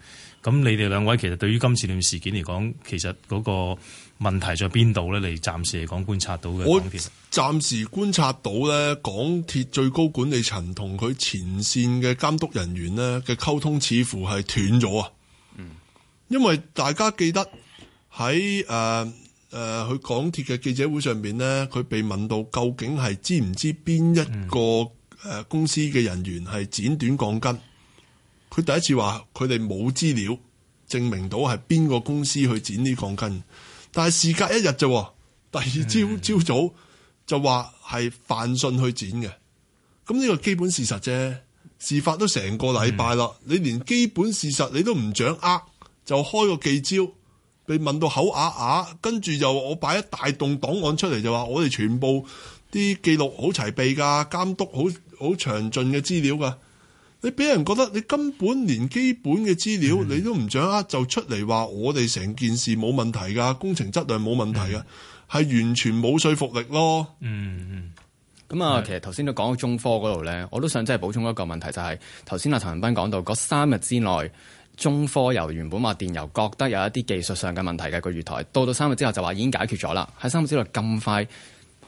咁你哋兩位其實對於今次呢件事件嚟講，其實嗰個問題在邊度咧？你暫時嚟講觀察到嘅港鐵，我暫時觀察到咧，港鐵最高管理層同佢前線嘅監督人員咧嘅溝通似乎係斷咗啊！嗯，因為大家記得喺誒誒佢港鐵嘅記者會上邊咧，佢被問到究竟係知唔知邊一個誒公司嘅人員係剪短鋼筋？佢第一次話佢哋冇資料證明到係邊個公司去剪呢鋼筋，但係事隔一日啫，第二朝朝早，早就話係犯信去剪嘅。咁呢個基本事實啫。事發都成個禮拜啦，嗯、你連基本事實你都唔掌握，就開個記招，被問到口啞、呃、啞、呃，跟住就我擺一大棟檔案出嚟，就話我哋全部啲記錄好齊備㗎，監督好好詳盡嘅資料㗎。你俾人覺得你根本連基本嘅資料你都唔掌握，就出嚟話我哋成件事冇問題㗎，工程質量冇問題嘅，係、嗯、完全冇說服力咯。嗯，咁、嗯、啊，嗯、其實頭先都講到中科嗰度咧，我都想真係補充一個問題，就是，就係頭先阿陳恒鑌講到嗰三日之內，中科由原本話電郵覺得有一啲技術上嘅問題嘅個月台，到到三日之後就話已經解決咗啦。喺三日之內咁快。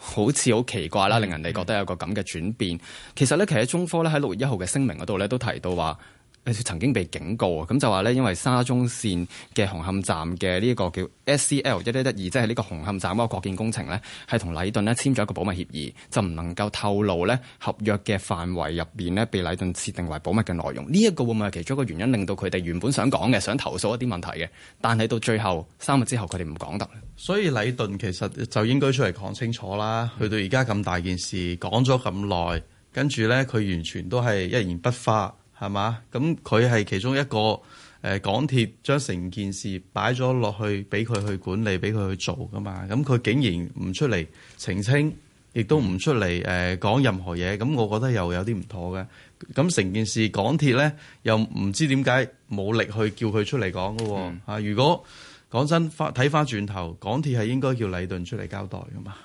好似好奇怪啦，令人哋覺得有個咁嘅轉變。其實咧，其實中科咧喺六月一號嘅聲明嗰度咧都提到話。佢曾經被警告啊，咁就話咧，因為沙中線嘅紅磡站嘅呢一個叫 SCL 一一一二，即係呢個紅磡站嗰個擴建工程咧，係同禮頓咧簽咗一個保密協議，就唔能夠透露咧合約嘅範圍入邊咧被禮頓設定為保密嘅內容。呢一個會唔會係其中一個原因，令到佢哋原本想講嘅、想投訴一啲問題嘅，但係到最後三日之後，佢哋唔講得。所以禮頓其實就應該出嚟講清楚啦。去到而家咁大件事講咗咁耐，跟住咧佢完全都係一言不發。係嘛？咁佢係其中一個誒、呃，港鐵將成件事擺咗落去俾佢去管理，俾佢去做噶嘛？咁佢竟然唔出嚟澄清，亦都唔出嚟誒講任何嘢，咁我覺得又有啲唔妥嘅。咁成件事港鐵咧又唔知點解冇力去叫佢出嚟講嘅喎。嗯、如果講真，翻睇翻轉頭，港鐵係應該叫禮頓出嚟交代嘅嘛？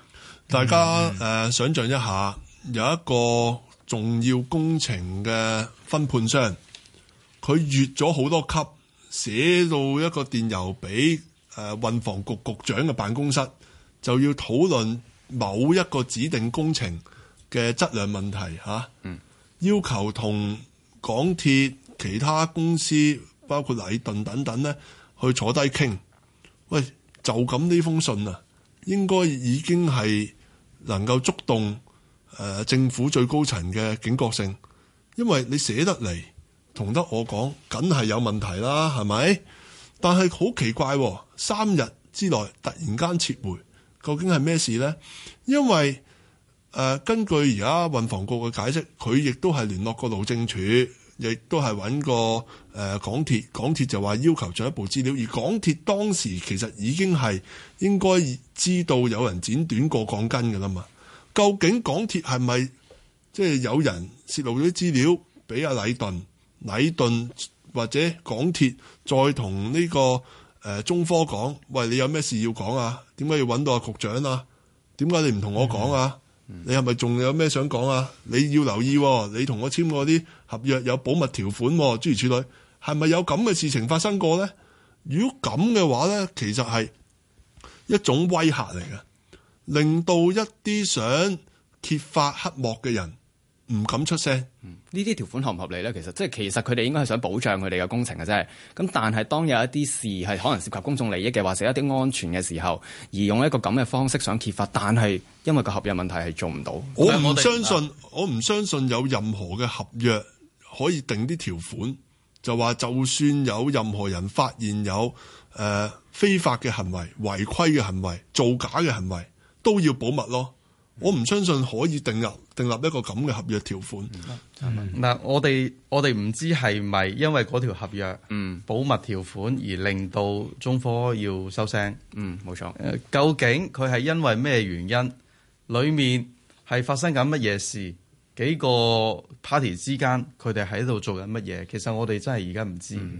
大家誒、呃、想像一下，有一個重要工程嘅分判商，佢越咗好多級，寫到一個電郵俾誒運房局局長嘅辦公室，就要討論某一個指定工程嘅質量問題嚇。啊嗯、要求同港鐵其他公司，包括禮頓等等咧，去坐低傾。喂，就咁呢封信啊，應該已經係能夠觸動。誒、呃、政府最高層嘅警覺性，因為你寫得嚟同得我講，梗係有問題啦，係咪？但係好奇怪，哦，三日之內突然間撤回，究竟係咩事呢？因為誒、呃、根據而家運房局嘅解釋，佢亦都係聯絡過路政署，亦都係揾過誒港鐵，港鐵就話要求進一步資料，而港鐵當時其實已經係應該知道有人剪短過鋼筋㗎喇嘛。究竟港鐵係咪即係有人泄露咗啲資料俾阿禮頓？禮頓或者港鐵再同呢、這個誒、呃、中科講，喂，你有咩事要講啊？點解要揾到阿局長啊？點解你唔同我講啊？你係咪仲有咩想講啊？你要留意喎、啊，你同我簽過啲合約有保密條款喎、啊，諸如此類。係咪有咁嘅事情發生過呢？如果咁嘅話呢，其實係一種威嚇嚟嘅。令到一啲想揭發黑幕嘅人唔敢出聲，嗯，呢啲條款合唔合理呢？其實即係其實佢哋應該係想保障佢哋嘅工程嘅啫。咁但係當有一啲事係可能涉及公眾利益嘅，或者一啲安全嘅時候，而用一個咁嘅方式想揭發，但係因為個合約問題係做唔到。我唔相信，我唔相信有任何嘅合約可以定啲條款，就話就算有任何人發現有誒、呃、非法嘅行為、違規嘅行為、造假嘅行為。都要保密咯。我唔相信可以訂立訂立一個咁嘅合約條款。嗱、嗯嗯，我哋我哋唔知係咪因為嗰條合約、嗯、保密條款而令到中科要收聲。嗯，冇錯。究竟佢係因為咩原因？裏面係發生緊乜嘢事？幾個 party 之間，佢哋喺度做緊乜嘢？其實我哋真係而家唔知。咁、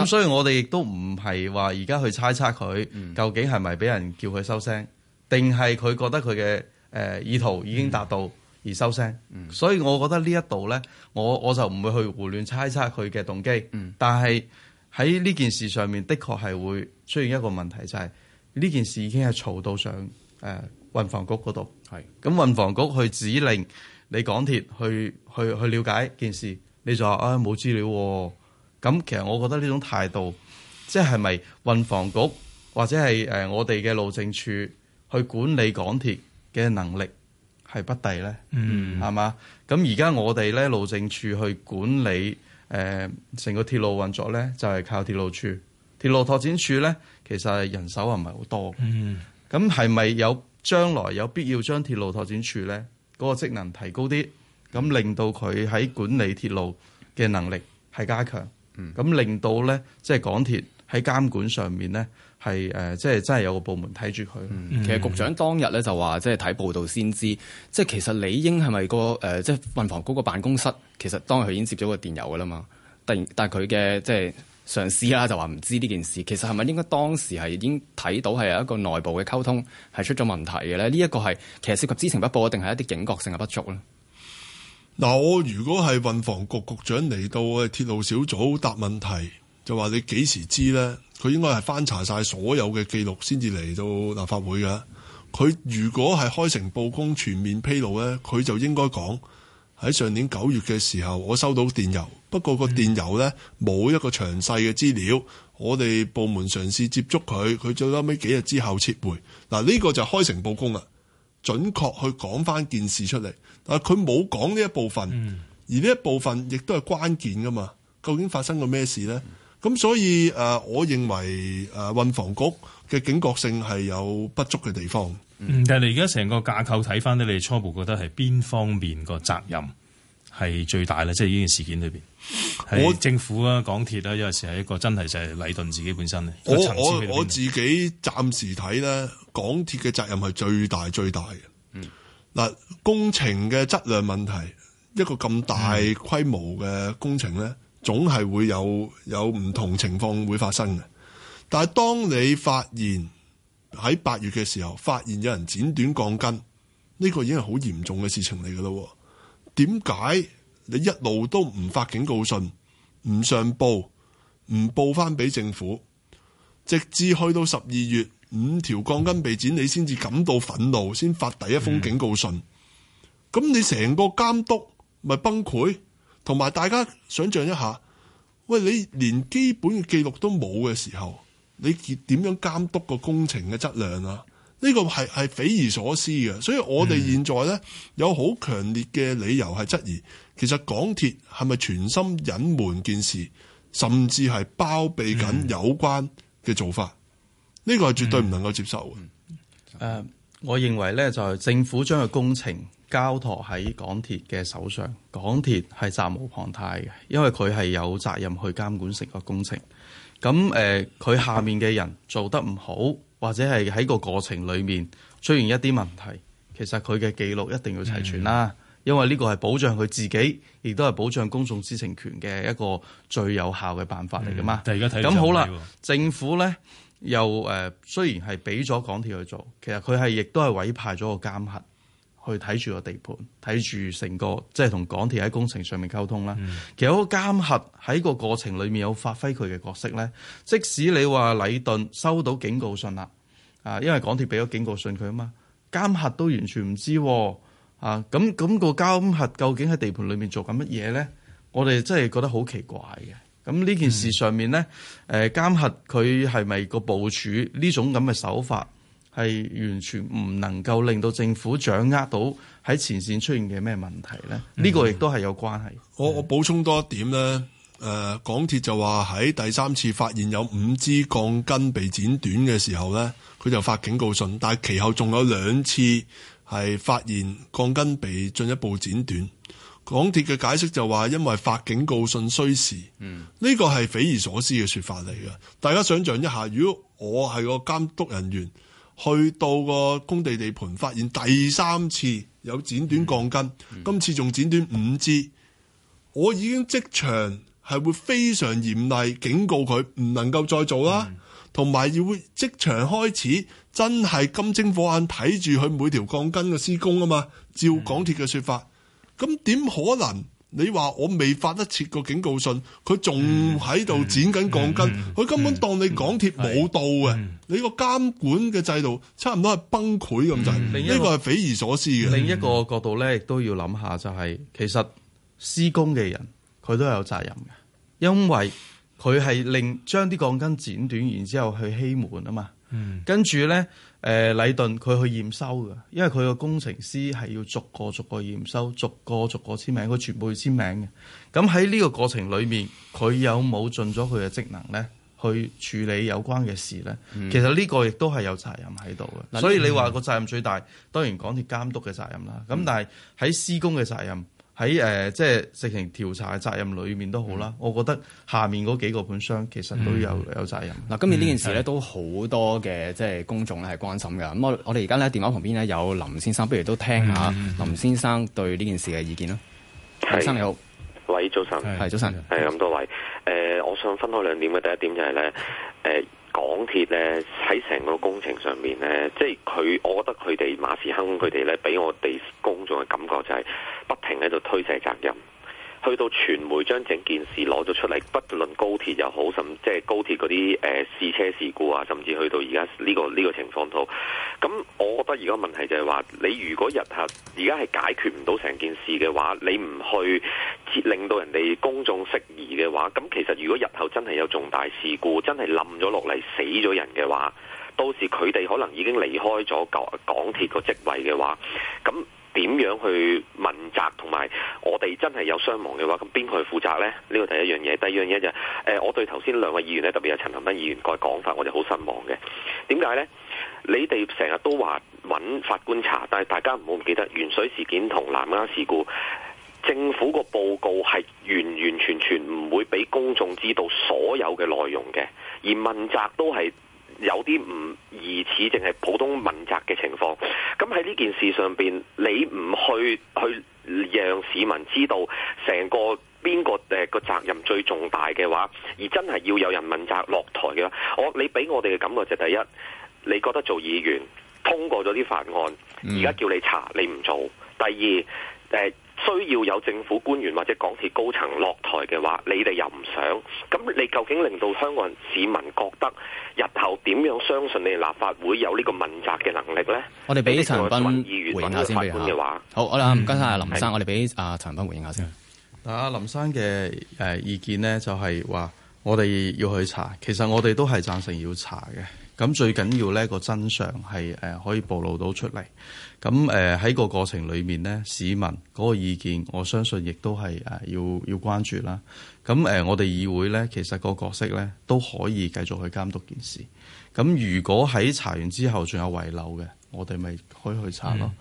嗯、所以我哋亦都唔係話而家去猜測佢、嗯、究竟係咪俾人叫佢收聲。定係佢覺得佢嘅誒意圖已經達到而收聲，嗯、所以我覺得呢一度咧，我我就唔會去胡亂猜測佢嘅動機。嗯、但係喺呢件事上面，的確係會出現一個問題，就係、是、呢件事已經係嘈到上誒運房局嗰度。係咁是，運房局去指令你港鐵去去去了解件事，你就話啊冇資料、啊。咁其實我覺得呢種態度，即係咪運房局或者係誒我哋嘅路政署？去管理港鐵嘅能力係不低咧，係嘛、mm？咁而家我哋咧路政處去管理誒成、呃、個鐵路運作咧，就係、是、靠鐵路處，鐵路拓展處咧，其實人手唔係好多。嗯、mm，咁係咪有將來有必要將鐵路拓展處咧嗰個職能提高啲？咁令到佢喺管理鐵路嘅能力係加強，咁、mm hmm。令到咧即係港鐵喺監管上面咧。係誒、呃，即係真係有個部門睇住佢。嗯、其實局長當日咧就話，即係睇報道先知道。即係其實理應係咪個誒、呃，即係運房局個辦公室，其實當日佢已經接咗個電郵噶啦嘛。突然，但係佢嘅即係上司啦、啊，就話唔知呢件事。其實係咪應該當時係已經睇到係有一個內部嘅溝通係出咗問題嘅咧？呢、這、一個係其實涉及知情不報定係一啲警覺性嘅不足咧？嗱，我如果係運房局局長嚟到鐵路小組答問題。就話你幾時知呢？佢應該係翻查晒所有嘅記錄先至嚟到立法會嘅。佢如果係開誠佈公、全面披露呢，佢就應該講喺上年九月嘅時候，我收到電郵。不過個電郵呢冇一個詳細嘅資料。我哋部門嘗試接觸佢，佢最後尾幾日之後撤回。嗱呢個就開誠佈公啦，準確去講翻件事出嚟。但佢冇講呢一部分，而呢一部分亦都係關鍵噶嘛？究竟發生過咩事呢？咁、嗯、所以誒、呃，我認為誒，運、呃、房局嘅警覺性係有不足嘅地方。嗯，但係你而家成個架構睇翻咧，你哋初步覺得係邊方面個責任係最大咧？即係呢件事件裏邊，我政府啊，港鐵啊，有陣時係一個真係就係禮頓自己本身咧。我我自己暫時睇咧，港鐵嘅責任係最大最大嘅。嗱、嗯，工程嘅質量問題，一個咁大規模嘅工程咧。嗯總係會有有唔同情況會發生嘅，但係當你發現喺八月嘅時候，發現有人剪短鋼筋，呢個已經係好嚴重嘅事情嚟噶咯。點解你一路都唔發警告信，唔上報，唔報翻俾政府，直至去到十二月，五條鋼筋被剪，你先至感到憤怒，先發第一封警告信。咁你成個監督咪崩潰？同埋大家想象一下，喂，你連基本嘅記錄都冇嘅時候，你點樣監督個工程嘅質量啊？呢個係係匪夷所思嘅，所以我哋現在呢，有好強烈嘅理由係質疑，其實港鐵係咪全心隱瞞件事，甚至係包庇緊有關嘅做法？呢個係絕對唔能夠接受嘅。誒、呃，我認為呢，就係、是、政府將個工程，交託喺港鐵嘅手上，港鐵係責無旁貸嘅，因為佢係有責任去監管成個工程。咁誒，佢、呃、下面嘅人做得唔好，或者係喺個過程裏面出現一啲問題，其實佢嘅記錄一定要齊全啦，的因為呢個係保障佢自己，亦都係保障公眾知情權嘅一個最有效嘅辦法嚟噶嘛。咁好啦，政府呢又誒、呃，雖然係俾咗港鐵去做，其實佢係亦都係委派咗個監核。去睇住個地盤，睇住成個即係同港鐵喺工程上面溝通啦。嗯、其實個監核喺個過程裡面有發揮佢嘅角色咧。即使你話禮頓收到警告信啦，啊，因為港鐵俾咗警告信佢啊嘛，監核都完全唔知啊。咁、啊、咁個監核究竟喺地盤裡面做緊乜嘢咧？我哋真係覺得好奇怪嘅。咁呢件事上面咧，誒、嗯、監核佢係咪個部署呢種咁嘅手法？係完全唔能夠令到政府掌握到喺前線出現嘅咩問題呢？呢、嗯、個亦都係有關係。我我補充多一點咧。誒、呃，港鐵就話喺第三次發現有五支鋼筋被剪短嘅時候呢，佢就發警告信。但係其後仲有兩次係發現鋼筋被進一步剪短。港鐵嘅解釋就話因為發警告信需時，呢、嗯、個係匪夷所思嘅說法嚟嘅。大家想像一下，如果我係個監督人員。去到個工地地盤，發現第三次有剪短鋼筋，嗯、今次仲剪短五支。我已經即場係會非常嚴厲警告佢，唔能夠再做啦。同埋、嗯、要即場開始真係金睛火眼睇住佢每條鋼筋嘅施工啊嘛。照港鐵嘅説法，咁點可能？你話我未發得切個警告信，佢仲喺度剪緊鋼筋，佢根本當你港鐵冇到嘅。嗯嗯、你個監管嘅制度差唔多係崩潰咁滯，呢、嗯、個係匪夷所思嘅、嗯。另一個角度咧，亦都要諗下、就是，就係其實施工嘅人佢都有責任嘅，因為佢係令將啲鋼筋剪短，然之後去欺瞞啊嘛。嗯，跟住咧。誒、呃、禮頓佢去驗收嘅，因為佢個工程師係要逐個逐個驗收，逐個逐個簽名，佢全部要簽名嘅。咁喺呢個過程裏面，佢有冇盡咗佢嘅職能呢？去處理有關嘅事呢？嗯、其實呢個亦都係有責任喺度嘅。所以你話個責任最大，當然講嘅係監督嘅責任啦。咁但係喺施工嘅責任。喺，誒、即係直情調查嘅責任裏面都好啦，我覺得下面嗰幾個盤商其實都有有責任。嗱，今年呢件事咧都好多嘅即係公眾咧係關心㗎。咁我我哋而家咧電話旁邊咧有林先生，不如都聽下林先生對呢件事嘅意見啦。林生你好，喂，早晨。係，早晨。係，咁多位誒，我想分開兩點嘅，第一點就係咧誒。港鐵咧喺成個工程上面咧，即係佢，我覺得佢哋馬時亨佢哋咧，俾我哋公眾嘅感覺就係不停喺度推卸責任。去到傳媒將整件事攞咗出嚟，不論高鐵又好，甚即係高鐵嗰啲誒試車事故啊，甚至去到而家呢個呢個情況度，咁我覺得而家問題就係話，你如果日後而家係解決唔到成件事嘅話，你唔去令到人哋公眾釋疑嘅話，咁其實如果日後真係有重大事故，真係冧咗落嚟死咗人嘅話，到時佢哋可能已經離開咗港港鐵個職位嘅話，咁。點樣去問責？同埋我哋真係有傷亡嘅話，咁邊個去負責呢？呢個第一樣嘢。第二樣嘢就係，誒，我對頭先兩位議員咧，特別有陳恒鑌議員個講法，我哋好失望嘅。點解呢？你哋成日都話揾法官查，但係大家唔好唔記得，鉛水事件同南丫事故，政府個報告係完完全全唔會俾公眾知道所有嘅內容嘅，而問責都係。有啲唔疑似淨係普通問責嘅情況，咁喺呢件事上邊，你唔去去讓市民知道成個邊個誒個責任最重大嘅話，而真係要有人問責落台嘅，我你俾我哋嘅感覺就第一，你覺得做議員通過咗啲法案，而家叫你查你唔做，第二誒。呃需要有政府官員或者港鐵高層落台嘅話，你哋又唔想咁？你究竟令到香港市民覺得日後點樣相信你哋立法會有呢個問責嘅能力呢？我哋俾陳斌議員回應下先，判嘅話好。我啱唔該晒林生，我哋俾阿陳斌回應下先。嗱，阿林生嘅誒意見呢，就係話我哋要去查，其實我哋都係贊成要查嘅。咁最緊要呢個真相係誒可以暴露到出嚟，咁誒喺個過程裏面呢，市民嗰個意見，我相信亦都係誒要要關注啦。咁、嗯、誒我哋議會呢，其實個角色呢都可以繼續去監督件事。咁、嗯嗯、如果喺查完之後仲有遺漏嘅，我哋咪可以去查咯。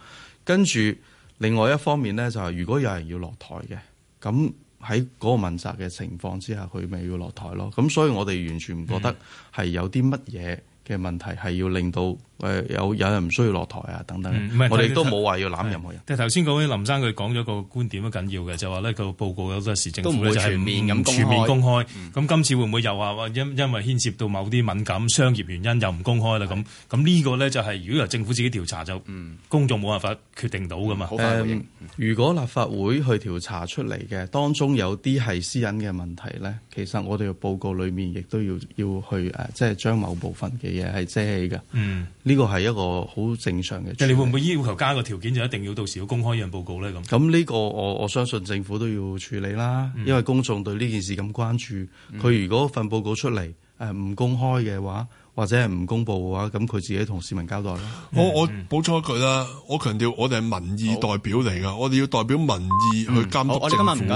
跟住另外一方面呢，就是，就係如果有人要落台嘅，咁喺嗰個問責嘅情況之下，佢咪要落台咯。咁所以我哋完全唔覺得係有啲乜嘢。嘅問題係要令到誒有有人唔需要落台啊等等，嗯、我哋都冇話要攬任何人。但係頭先講起林生，佢講咗個觀點好緊要嘅，就話、是、呢個報告有陣時政府會全面咁公開。嗯、全面公開，咁、嗯嗯嗯、今次會唔會又話因因為牽涉到某啲敏感商業原因又唔公開啦？咁咁呢個呢，就係如果由政府自己調查就公眾冇辦法決定到噶嘛？嗯、好快回應、嗯、如果立法會去調查出嚟嘅當中有啲係私隱嘅問題呢，其實我哋嘅報告裡面亦都要要去誒，即係將某部分嘅。嘢係遮嘅，嗯，呢個係一個好正常嘅。即係你會唔會要求加一個條件，就一定要到時要公開一份報告咧？咁咁呢個我我相信政府都要處理啦，嗯、因為公眾對呢件事咁關注，佢、嗯、如果份報告出嚟誒唔公開嘅話，或者係唔公佈嘅話，咁佢自己同市民交代咧。我、嗯嗯、我補充一句啦，我強調我哋係民意代表嚟㗎，嗯、我哋要代表民意去監督政府。